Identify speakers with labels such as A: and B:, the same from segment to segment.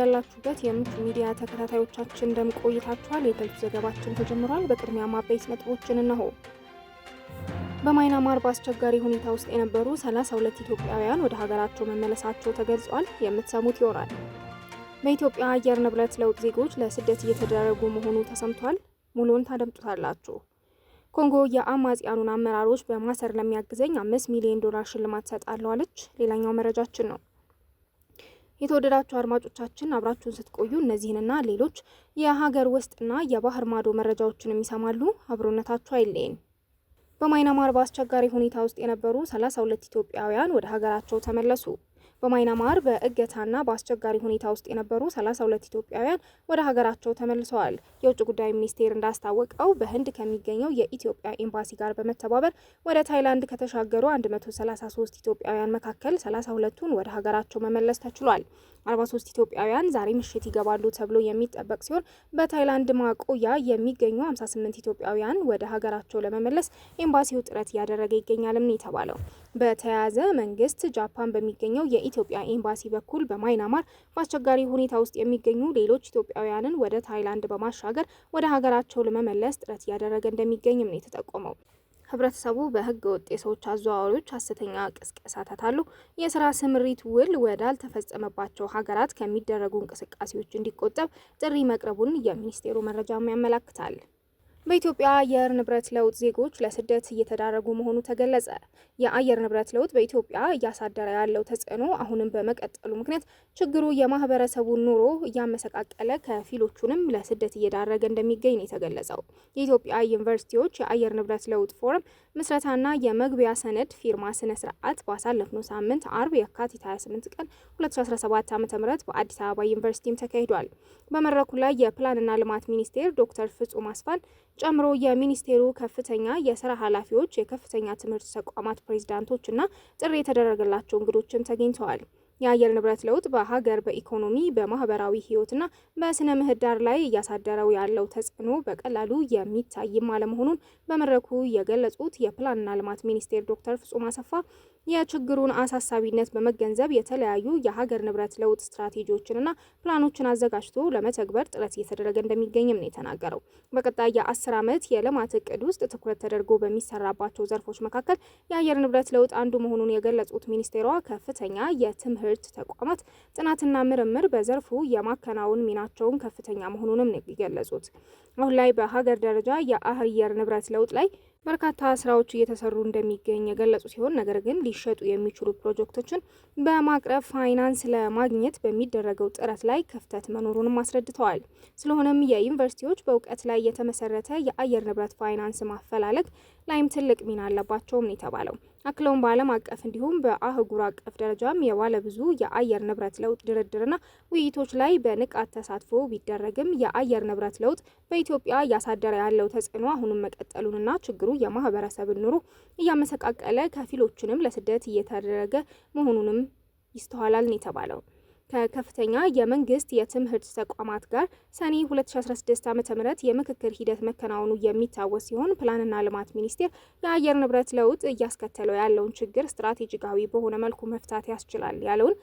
A: በያላችሁበት የምቹ ሚዲያ ተከታታዮቻችን እንደምን ቆይታችኋል? የዕለቱ ዘገባችን ተጀምሯል። በቅድሚያ አበይት ነጥቦችን እነሆ። በማይናማር በአስቸጋሪ ሁኔታ ውስጥ የነበሩ 32 ኢትዮጵያውያን ወደ ሀገራቸው መመለሳቸው ተገልጿል። የምትሰሙት ይሆናል። በኢትዮጵያ አየር ንብረት ለውጥ ዜጎች ለስደት እየተደረጉ መሆኑ ተሰምቷል። ሙሉን ታደምጡታላችሁ። ኮንጎ የአማጽያኑን አመራሮች በማሰር ለሚያግዘኝ አምስት ሚሊዮን ዶላር ሽልማት ሰጣለዋለች። ሌላኛው መረጃችን ነው። የተወደዳችሁ አድማጮቻችን አብራችሁን ስትቆዩ እነዚህንና ሌሎች የሀገር ውስጥና የባህር ማዶ መረጃዎችን የሚሰማሉ። አብሮነታችሁ አይለየን። በማይናማር በአስቸጋሪ ሁኔታ ውስጥ የነበሩ ሰላሳ ሁለት ኢትዮጵያውያን ወደ ሀገራቸው ተመለሱ። በማይናማር በእገታና በአስቸጋሪ ሁኔታ ውስጥ የነበሩ 32 ኢትዮጵያውያን ወደ ሀገራቸው ተመልሰዋል። የውጭ ጉዳይ ሚኒስቴር እንዳስታወቀው በህንድ ከሚገኘው የኢትዮጵያ ኤምባሲ ጋር በመተባበር ወደ ታይላንድ ከተሻገሩ 133 ኢትዮጵያውያን መካከል 32ቱን ወደ ሀገራቸው መመለስ ተችሏል። 43 ኢትዮጵያውያን ዛሬ ምሽት ይገባሉ ተብሎ የሚጠበቅ ሲሆን በታይላንድ ማቆያ የሚገኙ 58 ኢትዮጵያውያን ወደ ሀገራቸው ለመመለስ ኤምባሲው ጥረት እያደረገ ይገኛልም ነው የተባለው። በተያያዘ መንግስት ጃፓን በሚገኘው የኢትዮጵያ ኤምባሲ በኩል በማይናማር በአስቸጋሪ ሁኔታ ውስጥ የሚገኙ ሌሎች ኢትዮጵያውያንን ወደ ታይላንድ በማሻገር ወደ ሀገራቸው ለመመለስ ጥረት እያደረገ እንደሚገኝም ነው የተጠቆመው። ህብረተሰቡ በህገ ወጥ የሰዎች አዘዋዋሪዎች ሀሰተኛ ቅስቀሳ ታታሉ የስራ ስምሪት ውል ወዳልተፈጸመባቸው ሀገራት ከሚደረጉ እንቅስቃሴዎች እንዲቆጠብ ጥሪ መቅረቡን የሚኒስቴሩ መረጃም ያመላክታል። በኢትዮጵያ አየር ንብረት ለውጥ ዜጎች ለስደት እየተዳረጉ መሆኑ ተገለጸ። የአየር ንብረት ለውጥ በኢትዮጵያ እያሳደረ ያለው ተጽዕኖ አሁንም በመቀጠሉ ምክንያት ችግሩ የማህበረሰቡን ኑሮ እያመሰቃቀለ ከፊሎቹንም ለስደት እየዳረገ እንደሚገኝ ነው የተገለጸው። የኢትዮጵያ ዩኒቨርሲቲዎች የአየር ንብረት ለውጥ ፎረም ምስረታና የመግቢያ ሰነድ ፊርማ ስነ ስርዓት ባሳለፍነው ሳምንት አርብ የካቲት 28 ቀን 2017 ዓ.ም በአዲስ አበባ ዩኒቨርሲቲም ተካሂዷል። በመድረኩ ላይ የፕላንና ልማት ሚኒስቴር ዶክተር ፍጹም አስፋን ጨምሮ የሚኒስቴሩ ከፍተኛ የስራ ኃላፊዎች፣ የከፍተኛ ትምህርት ተቋማት ፕሬዚዳንቶችና ጥሪ የተደረገላቸው እንግዶችም ተገኝተዋል። የአየር ንብረት ለውጥ በሀገር በኢኮኖሚ በማህበራዊ ህይወትና በስነ ምህዳር ላይ እያሳደረው ያለው ተጽዕኖ በቀላሉ የሚታይም አለመሆኑን በመድረኩ የገለጹት የፕላንና ልማት ሚኒስቴር ዶክተር ፍጹም አሰፋ የችግሩን አሳሳቢነት በመገንዘብ የተለያዩ የሀገር ንብረት ለውጥ ስትራቴጂዎችንና ፕላኖችን አዘጋጅቶ ለመተግበር ጥረት እየተደረገ እንደሚገኝም ነው የተናገረው። በቀጣይ የአስር ዓመት የልማት እቅድ ውስጥ ትኩረት ተደርጎ በሚሰራባቸው ዘርፎች መካከል የአየር ንብረት ለውጥ አንዱ መሆኑን የገለጹት ሚኒስቴሯ ከፍተኛ የትምህርት ተቋማት ጥናትና ምርምር በዘርፉ የማከናወን ሚናቸውን ከፍተኛ መሆኑንም ነው የገለጹት። አሁን ላይ በሀገር ደረጃ የአየር ንብረት ለውጥ ላይ በርካታ ስራዎች እየተሰሩ እንደሚገኝ የገለጹ ሲሆን ነገር ግን ሊሸጡ የሚችሉ ፕሮጀክቶችን በማቅረብ ፋይናንስ ለማግኘት በሚደረገው ጥረት ላይ ክፍተት መኖሩንም አስረድተዋል። ስለሆነም የዩኒቨርሲቲዎች በእውቀት ላይ የተመሰረተ የአየር ንብረት ፋይናንስ ማፈላለግ ላይም ትልቅ ሚና አለባቸውም ነው የተባለው። አክለውም በዓለም አቀፍ እንዲሁም በአህጉር አቀፍ ደረጃም የባለ ብዙ የአየር ንብረት ለውጥ ድርድርና ውይይቶች ላይ በንቃት ተሳትፎ ቢደረግም የአየር ንብረት ለውጥ በኢትዮጵያ እያሳደረ ያለው ተጽዕኖ አሁንም መቀጠሉንና ችግሩ የማህበረሰብን ኑሮ እያመሰቃቀለ ከፊሎችንም ለስደት እየተደረገ መሆኑንም ይስተዋላል ነው የተባለው። ከከፍተኛ የመንግስት የትምህርት ተቋማት ጋር ሰኔ 2016 ዓ ም የምክክር ሂደት መከናወኑ የሚታወስ ሲሆን ፕላንና ልማት ሚኒስቴር የአየር ንብረት ለውጥ እያስከተለው ያለውን ችግር ስትራቴጂካዊ በሆነ መልኩ መፍታት ያስችላል ያለውን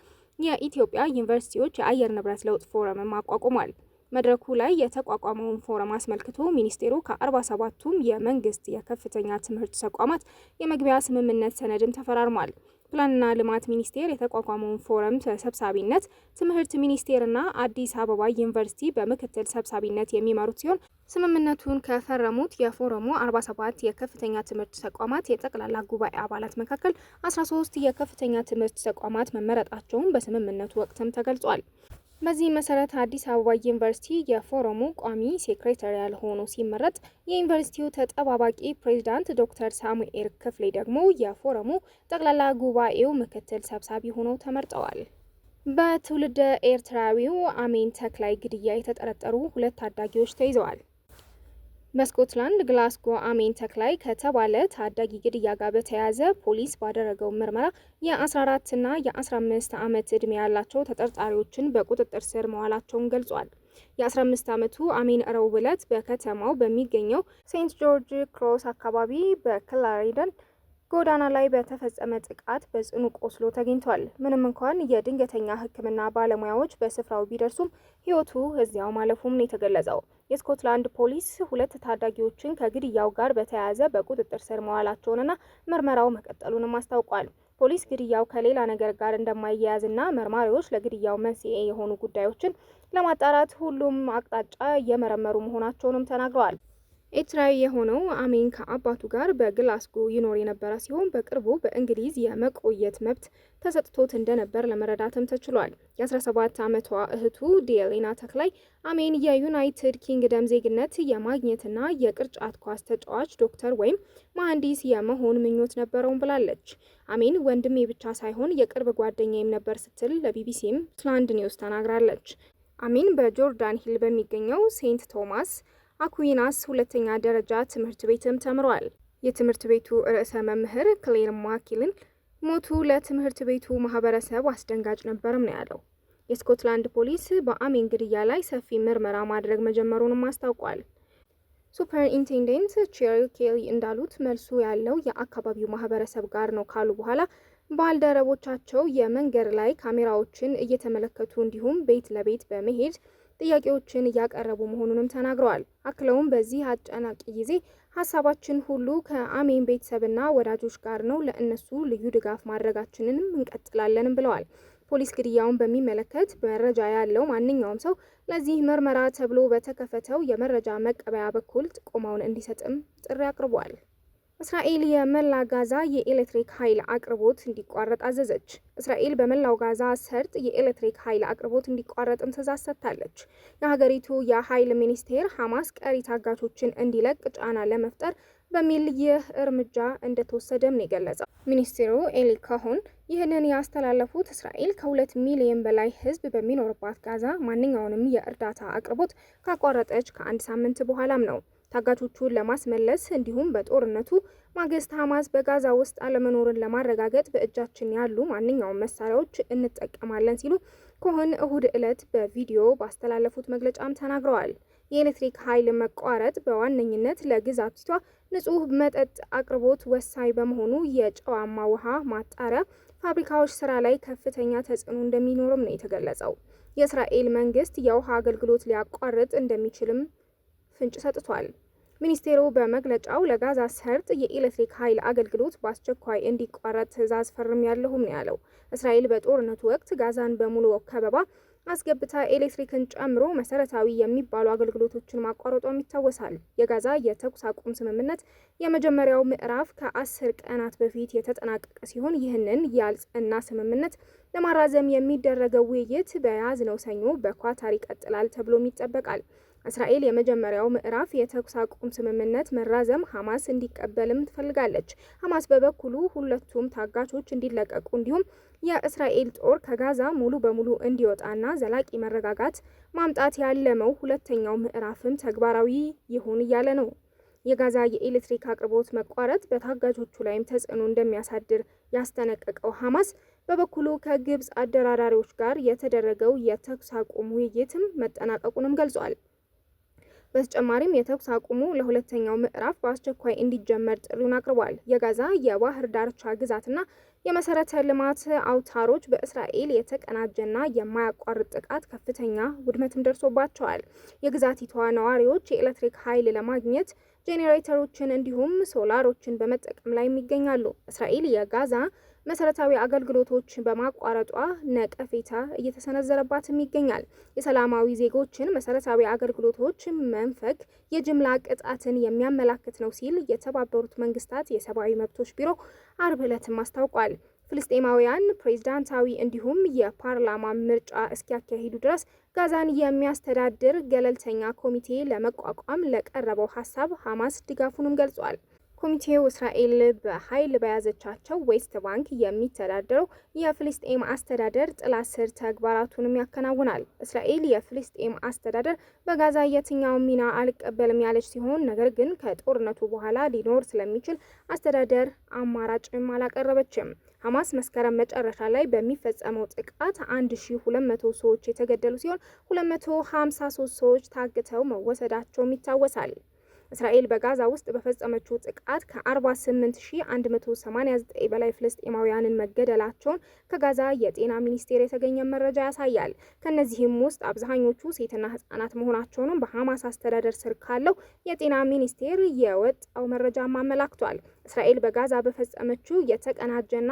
A: የኢትዮጵያ ዩኒቨርሲቲዎች የአየር ንብረት ለውጥ ፎረምም አቋቁሟል። መድረኩ ላይ የተቋቋመውን ፎረም አስመልክቶ ሚኒስቴሩ ከ47ቱም የመንግስት የከፍተኛ ትምህርት ተቋማት የመግቢያ ስምምነት ሰነድም ተፈራርሟል። ፕላንና ልማት ሚኒስቴር የተቋቋመውን ፎረም ሰብሳቢነት ትምህርት ሚኒስቴርና አዲስ አበባ ዩኒቨርሲቲ በምክትል ሰብሳቢነት የሚመሩት ሲሆን ስምምነቱን ከፈረሙት የፎረሙ 47 የከፍተኛ ትምህርት ተቋማት የጠቅላላ ጉባኤ አባላት መካከል 13 የከፍተኛ ትምህርት ተቋማት መመረጣቸውን በስምምነቱ ወቅትም ተገልጿል። በዚህ መሰረት አዲስ አበባ ዩኒቨርሲቲ የፎረሙ ቋሚ ሴክሬታሪያል ሆኖ ሲመረጥ የዩኒቨርሲቲው ተጠባባቂ ፕሬዚዳንት ዶክተር ሳሙኤል ክፍሌ ደግሞ የፎረሙ ጠቅላላ ጉባኤው ምክትል ሰብሳቢ ሆነው ተመርጠዋል። በትውልደ ኤርትራዊው አሜን ተክላይ ግድያ የተጠረጠሩ ሁለት ታዳጊዎች ተይዘዋል። በስኮትላንድ ግላስጎ አሜን ተክላይ ከተባለ ታዳጊ ግድያ ጋር በተያያዘ ፖሊስ ባደረገው ምርመራ የ14 እና የ15 ዓመት ዕድሜ ያላቸው ተጠርጣሪዎችን በቁጥጥር ስር መዋላቸውን ገልጿል። የ15 ዓመቱ አሜን ረቡዕ ዕለት በከተማው በሚገኘው ሴንት ጆርጅ ክሮስ አካባቢ በክላሪደን ጎዳና ላይ በተፈጸመ ጥቃት በጽኑ ቆስሎ ተገኝቷል። ምንም እንኳን የድንገተኛ ሕክምና ባለሙያዎች በስፍራው ቢደርሱም ሕይወቱ እዚያው ማለፉም ነው የተገለጸው። የስኮትላንድ ፖሊስ ሁለት ታዳጊዎችን ከግድያው ጋር በተያያዘ በቁጥጥር ስር መዋላቸውንና ምርመራው መቀጠሉንም አስታውቋል። ፖሊስ ግድያው ከሌላ ነገር ጋር ና መርማሪዎች ለግድያው መንስኤ የሆኑ ጉዳዮችን ለማጣራት ሁሉም አቅጣጫ እየመረመሩ መሆናቸውንም ተናግረዋል። ኤርትራዊ የሆነው አሜን ከአባቱ ጋር በግላስጎ ይኖር የነበረ ሲሆን በቅርቡ በእንግሊዝ የመቆየት መብት ተሰጥቶት እንደነበር ለመረዳትም ተችሏል። የ17 ዓመቷ እህቱ ዲኤሊና ተክላይ አሜን የዩናይትድ ኪንግደም ዜግነት የማግኘትና የቅርጫት ኳስ ተጫዋች፣ ዶክተር ወይም መሐንዲስ የመሆን ምኞት ነበረውም ብላለች። አሜን ወንድሜ ብቻ ሳይሆን የቅርብ ጓደኛዬም ነበር ስትል ለቢቢሲም ስላንድ ኒውስ ተናግራለች። አሜን በጆርዳን ሂል በሚገኘው ሴንት ቶማስ አኩዊናስ ሁለተኛ ደረጃ ትምህርት ቤትም ተምሯል። የትምህርት ቤቱ ርዕሰ መምህር ክሌር ማኪልን ሞቱ ለትምህርት ቤቱ ማህበረሰብ አስደንጋጭ ነበርም ነው ያለው። የስኮትላንድ ፖሊስ በአሜን ግድያ ላይ ሰፊ ምርመራ ማድረግ መጀመሩንም አስታውቋል። ሱፐርኢንቴንደንት ቼሪ ኬሪ እንዳሉት መልሱ ያለው የአካባቢው ማህበረሰብ ጋር ነው ካሉ በኋላ ባልደረቦቻቸው የመንገድ ላይ ካሜራዎችን እየተመለከቱ እንዲሁም ቤት ለቤት በመሄድ ጥያቄዎችን እያቀረቡ መሆኑንም ተናግረዋል። አክለውም በዚህ አጨናቂ ጊዜ ሀሳባችን ሁሉ ከአሜን ቤተሰብና ወዳጆች ጋር ነው፣ ለእነሱ ልዩ ድጋፍ ማድረጋችንንም እንቀጥላለንም ብለዋል። ፖሊስ ግድያውን በሚመለከት መረጃ ያለው ማንኛውም ሰው ለዚህ ምርመራ ተብሎ በተከፈተው የመረጃ መቀበያ በኩል ጥቆማውን እንዲሰጥም ጥሪ አቅርቧል። እስራኤል የመላ ጋዛ የኤሌክትሪክ ኃይል አቅርቦት እንዲቋረጥ አዘዘች። እስራኤል በመላው ጋዛ ሰርጥ የኤሌክትሪክ ኃይል አቅርቦት እንዲቋረጥም ትእዛዝ ሰጥታለች። የሀገሪቱ የኃይል ሚኒስቴር ሐማስ ቀሪ ታጋቾችን እንዲለቅ ጫና ለመፍጠር በሚል ይህ እርምጃ እንደተወሰደም ነው የገለጸው። ሚኒስትሩ ኤሊ ካሆን ይህንን ያስተላለፉት እስራኤል ከሁለት ሚሊዮን በላይ ሕዝብ በሚኖርባት ጋዛ ማንኛውንም የእርዳታ አቅርቦት ካቋረጠች ከአንድ ሳምንት በኋላም ነው። ታጋቾቹን ለማስመለስ እንዲሁም በጦርነቱ ማግስት ሐማስ በጋዛ ውስጥ አለመኖርን ለማረጋገጥ በእጃችን ያሉ ማንኛውም መሳሪያዎች እንጠቀማለን ሲሉ ኮሆን እሁድ ዕለት በቪዲዮ ባስተላለፉት መግለጫም ተናግረዋል። የኤሌክትሪክ ኃይል መቋረጥ በዋነኝነት ለግዛቷ ንጹህ መጠጥ አቅርቦት ወሳኝ በመሆኑ የጨዋማ ውሃ ማጣሪያ ፋብሪካዎች ስራ ላይ ከፍተኛ ተጽዕኖ እንደሚኖርም ነው የተገለጸው። የእስራኤል መንግስት የውሃ አገልግሎት ሊያቋርጥ እንደሚችልም ፍንጭ ሰጥቷል። ሚኒስቴሩ በመግለጫው ለጋዛ ሰርጥ የኤሌክትሪክ ኃይል አገልግሎት በአስቸኳይ እንዲቋረጥ ትዕዛዝ ፈርም ያለሁም ነው ያለው። እስራኤል በጦርነቱ ወቅት ጋዛን በሙሉ ከበባ አስገብታ ኤሌክትሪክን ጨምሮ መሰረታዊ የሚባሉ አገልግሎቶችን ማቋረጧም ይታወሳል። የጋዛ የተኩስ አቁም ስምምነት የመጀመሪያው ምዕራፍ ከአስር ቀናት በፊት የተጠናቀቀ ሲሆን ይህንን ያልጽና ስምምነት ለማራዘም የሚደረገው ውይይት በያዝነው ሰኞ በኳታር ይቀጥላል ተብሎም ይጠበቃል። እስራኤል የመጀመሪያው ምዕራፍ የተኩስ አቁም ስምምነት መራዘም ሐማስ እንዲቀበልም ትፈልጋለች። ሐማስ በበኩሉ ሁለቱም ታጋቾች እንዲለቀቁ እንዲሁም የእስራኤል ጦር ከጋዛ ሙሉ በሙሉ እንዲወጣና ዘላቂ መረጋጋት ማምጣት ያለመው ሁለተኛው ምዕራፍም ተግባራዊ ይሁን እያለ ነው። የጋዛ የኤሌክትሪክ አቅርቦት መቋረጥ በታጋቾቹ ላይም ተጽዕኖ እንደሚያሳድር ያስጠነቀቀው ሐማስ በበኩሉ ከግብፅ አደራዳሪዎች ጋር የተደረገው የተኩስ አቁም ውይይትም መጠናቀቁንም ገልጿል። በተጨማሪም የተኩስ አቁሙ ለሁለተኛው ምዕራፍ በአስቸኳይ እንዲጀመር ጥሪውን አቅርቧል። የጋዛ የባህር ዳርቻ ግዛትና የመሰረተ ልማት አውታሮች በእስራኤል የተቀናጀና የማያቋርጥ ጥቃት ከፍተኛ ውድመትም ደርሶባቸዋል። የግዛቲቷ ነዋሪዎች የኤሌክትሪክ ኃይል ለማግኘት ጄኔሬተሮችን እንዲሁም ሶላሮችን በመጠቀም ላይ ይገኛሉ። እስራኤል የጋዛ መሰረታዊ አገልግሎቶችን በማቋረጧ ነቀፌታ እየተሰነዘረባትም ይገኛል። የሰላማዊ ዜጎችን መሰረታዊ አገልግሎቶች መንፈግ የጅምላ ቅጣትን የሚያመላክት ነው ሲል የተባበሩት መንግስታት የሰብአዊ መብቶች ቢሮ አርብ ዕለትም አስታውቋል። ፍልስጤማውያን ፕሬዝዳንታዊ እንዲሁም የፓርላማ ምርጫ እስኪያካሂዱ ድረስ ጋዛን የሚያስተዳድር ገለልተኛ ኮሚቴ ለመቋቋም ለቀረበው ሀሳብ ሀማስ ድጋፉንም ገልጿል። ኮሚቴው እስራኤል በኃይል በያዘቻቸው ዌስት ባንክ የሚተዳደረው የፍልስጤም አስተዳደር ጥላ ስር ተግባራቱንም ያከናውናል። እስራኤል የፍልስጤም አስተዳደር በጋዛ የትኛው ሚና አልቀበልም ያለች ሲሆን ነገር ግን ከጦርነቱ በኋላ ሊኖር ስለሚችል አስተዳደር አማራጭም አላቀረበችም። ሐማስ መስከረም መጨረሻ ላይ በሚፈጸመው ጥቃት 1200 ሰዎች የተገደሉ ሲሆን 253 ሰዎች ታግተው መወሰዳቸውም ይታወሳል። እስራኤል በጋዛ ውስጥ በፈጸመችው ጥቃት ከ48189 በላይ ፍልስጤማውያንን መገደላቸውን ከጋዛ የጤና ሚኒስቴር የተገኘ መረጃ ያሳያል። ከእነዚህም ውስጥ አብዛኞቹ ሴትና ህጻናት መሆናቸውንም በሐማስ አስተዳደር ስር ካለው የጤና ሚኒስቴር የወጣው መረጃም አመላክቷል። እስራኤል በጋዛ በፈጸመችው የተቀናጀና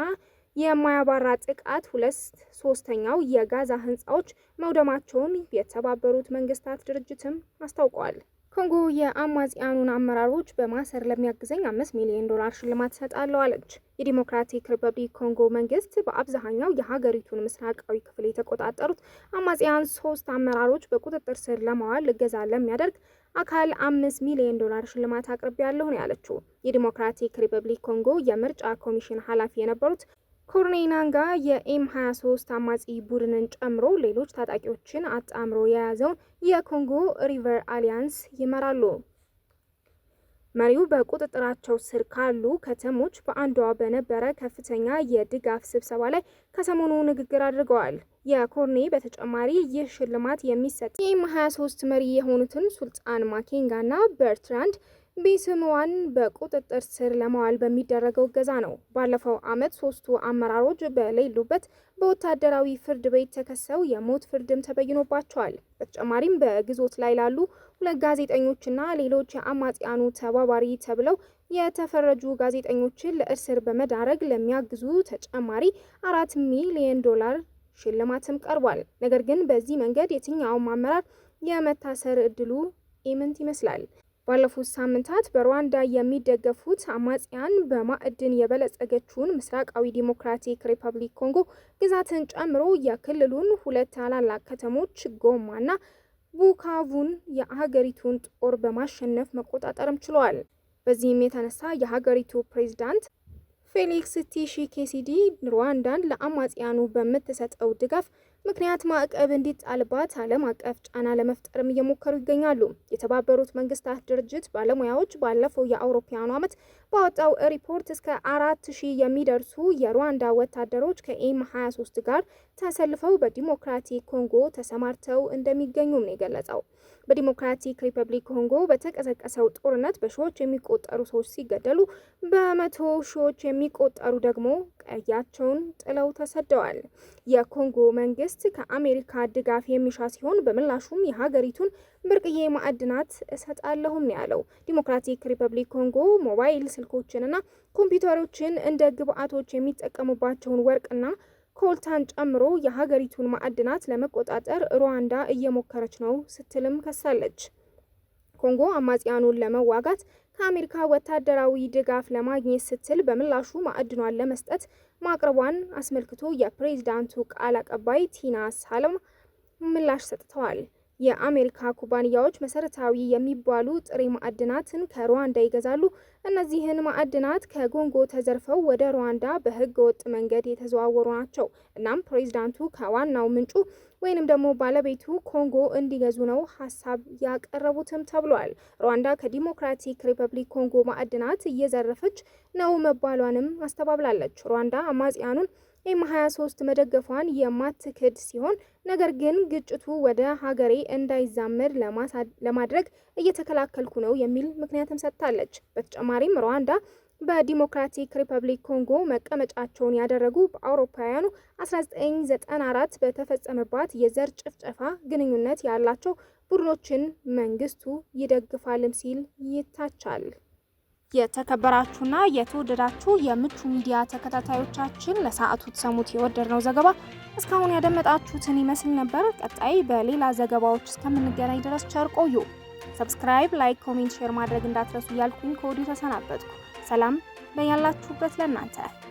A: የማያባራ ጥቃት ሁለት ሶስተኛው የጋዛ ህንፃዎች መውደማቸውን የተባበሩት መንግስታት ድርጅትም አስታውቋል። ኮንጎ የአማጽያኑን አመራሮች በማሰር ለሚያግዘኝ አምስት ሚሊዮን ዶላር ሽልማት እሰጣለሁ አለች። የዲሞክራቲክ ሪፐብሊክ ኮንጎ መንግስት በአብዛኛው የሀገሪቱን ምስራቃዊ ክፍል የተቆጣጠሩት አማጽያን ሶስት አመራሮች በቁጥጥር ስር ለማዋል እገዛ ለሚያደርግ አካል አምስት ሚሊዮን ዶላር ሽልማት አቅርቤያለሁ ነው ያለችው። የዲሞክራቲክ ሪፐብሊክ ኮንጎ የምርጫ ኮሚሽን ኃላፊ የነበሩት ኮርኔናንጋ የኤም 23 አማጺ ቡድንን ጨምሮ ሌሎች ታጣቂዎችን አጣምሮ የያዘውን የኮንጎ ሪቨር አሊያንስ ይመራሉ። መሪው በቁጥጥራቸው ስር ካሉ ከተሞች በአንዷ በነበረ ከፍተኛ የድጋፍ ስብሰባ ላይ ከሰሞኑ ንግግር አድርገዋል። የኮርኔ በተጨማሪ ይህ ሽልማት የሚሰጥ የኤም 23 መሪ የሆኑትን ሱልጣን ማኬንጋና በርትራንድ ቢስምዋን በቁጥጥር ስር ለማዋል በሚደረገው እገዛ ነው። ባለፈው ዓመት ሶስቱ አመራሮች በሌሉበት በወታደራዊ ፍርድ ቤት ተከሰው የሞት ፍርድም ተበይኖባቸዋል። በተጨማሪም በግዞት ላይ ላሉ ሁለት ጋዜጠኞችና ሌሎች የአማጽያኑ ተባባሪ ተብለው የተፈረጁ ጋዜጠኞችን ለእስር በመዳረግ ለሚያግዙ ተጨማሪ አራት ሚሊዮን ዶላር ሽልማትም ቀርቧል። ነገር ግን በዚህ መንገድ የትኛውም አመራር የመታሰር እድሉ ኢምንት ይመስላል። ባለፉት ሳምንታት በሩዋንዳ የሚደገፉት አማጽያን በማዕድን የበለጸገችውን ምስራቃዊ ዲሞክራቲክ ሪፐብሊክ ኮንጎ ግዛትን ጨምሮ የክልሉን ሁለት ታላላቅ ከተሞች ጎማና ቡካቡን የሀገሪቱን ጦር በማሸነፍ መቆጣጠርም ችለዋል። በዚህም የተነሳ የሀገሪቱ ፕሬዝዳንት ፌሊክስ ኬሲዲ ሩዋንዳን ለአማጽያኑ በምትሰጠው ድጋፍ ምክንያት ማዕቀብ እንዲጣልባት ዓለም አቀፍ ጫና ለመፍጠርም እየሞከሩ ይገኛሉ። የተባበሩት መንግስታት ድርጅት ባለሙያዎች ባለፈው የአውሮፓውያኑ ዓመት ባወጣው ሪፖርት እስከ አራት ሺህ የሚደርሱ የሩዋንዳ ወታደሮች ከኤም 23 ጋር ተሰልፈው በዲሞክራቲክ ኮንጎ ተሰማርተው እንደሚገኙም ነው የገለጸው። በዲሞክራቲክ ሪፐብሊክ ኮንጎ በተቀሰቀሰው ጦርነት በሺዎች የሚቆጠሩ ሰዎች ሲገደሉ በመቶ ሺዎች የሚቆጠሩ ደግሞ ቀያቸውን ጥለው ተሰደዋል። የኮንጎ መንግስት ከአሜሪካ ድጋፍ የሚሻ ሲሆን በምላሹም የሀገሪቱን ብርቅዬ ማዕድናት እሰጣለሁም ያለው ዲሞክራቲክ ሪፐብሊክ ኮንጎ ሞባይል ስልኮችንና ኮምፒውተሮችን እንደ ግብአቶች የሚጠቀሙባቸውን ወርቅና ኮልታን ጨምሮ የሀገሪቱን ማዕድናት ለመቆጣጠር ሩዋንዳ እየሞከረች ነው ስትልም ከሳለች። ኮንጎ አማጽያኑን ለመዋጋት ከአሜሪካ ወታደራዊ ድጋፍ ለማግኘት ስትል በምላሹ ማዕድኗን ለመስጠት ማቅረቧን አስመልክቶ የፕሬዚዳንቱ ቃል አቀባይ ቲና ሳለም ምላሽ ሰጥተዋል። የአሜሪካ ኩባንያዎች መሰረታዊ የሚባሉ ጥሬ ማዕድናትን ከሩዋንዳ ይገዛሉ። እነዚህን ማዕድናት ከጎንጎ ተዘርፈው ወደ ሩዋንዳ በህገ ወጥ መንገድ የተዘዋወሩ ናቸው። እናም ፕሬዚዳንቱ ከዋናው ምንጩ ወይንም ደግሞ ባለቤቱ ኮንጎ እንዲገዙ ነው ሀሳብ ያቀረቡትም ተብሏል። ሩዋንዳ ከዲሞክራቲክ ሪፐብሊክ ኮንጎ ማዕድናት እየዘረፈች ነው መባሏንም አስተባብላለች። ሩዋንዳ አማጽያኑን ኤም 23 መደገፏን የማትክድ ሲሆን ነገር ግን ግጭቱ ወደ ሀገሬ እንዳይዛመድ ለማድረግ እየተከላከልኩ ነው የሚል ምክንያትም ሰጥታለች። በተጨማሪም ሩዋንዳ በዲሞክራቲክ ሪፐብሊክ ኮንጎ መቀመጫቸውን ያደረጉ በአውሮፓውያኑ 1994 በተፈጸመባት የዘር ጭፍጨፋ ግንኙነት ያላቸው ቡድኖችን መንግስቱ ይደግፋልም ሲል ይታቻል። የተከበራችሁና የተወደዳችሁ የምቹ ሚዲያ ተከታታዮቻችን ለሰዓቱ ተሰሙት የወደድነው ዘገባ እስካሁን ያደመጣችሁትን ይመስል ነበር። ቀጣይ በሌላ ዘገባዎች እስከምንገናኝ ድረስ ቸር ቆዩ። ሰብስክራይብ፣ ላይክ፣ ኮሜንት፣ ሼር ማድረግ እንዳትረሱ እያልኩኝ ከወዲሁ ተሰናበትኩ። ሰላም በያላችሁበት ለእናንተ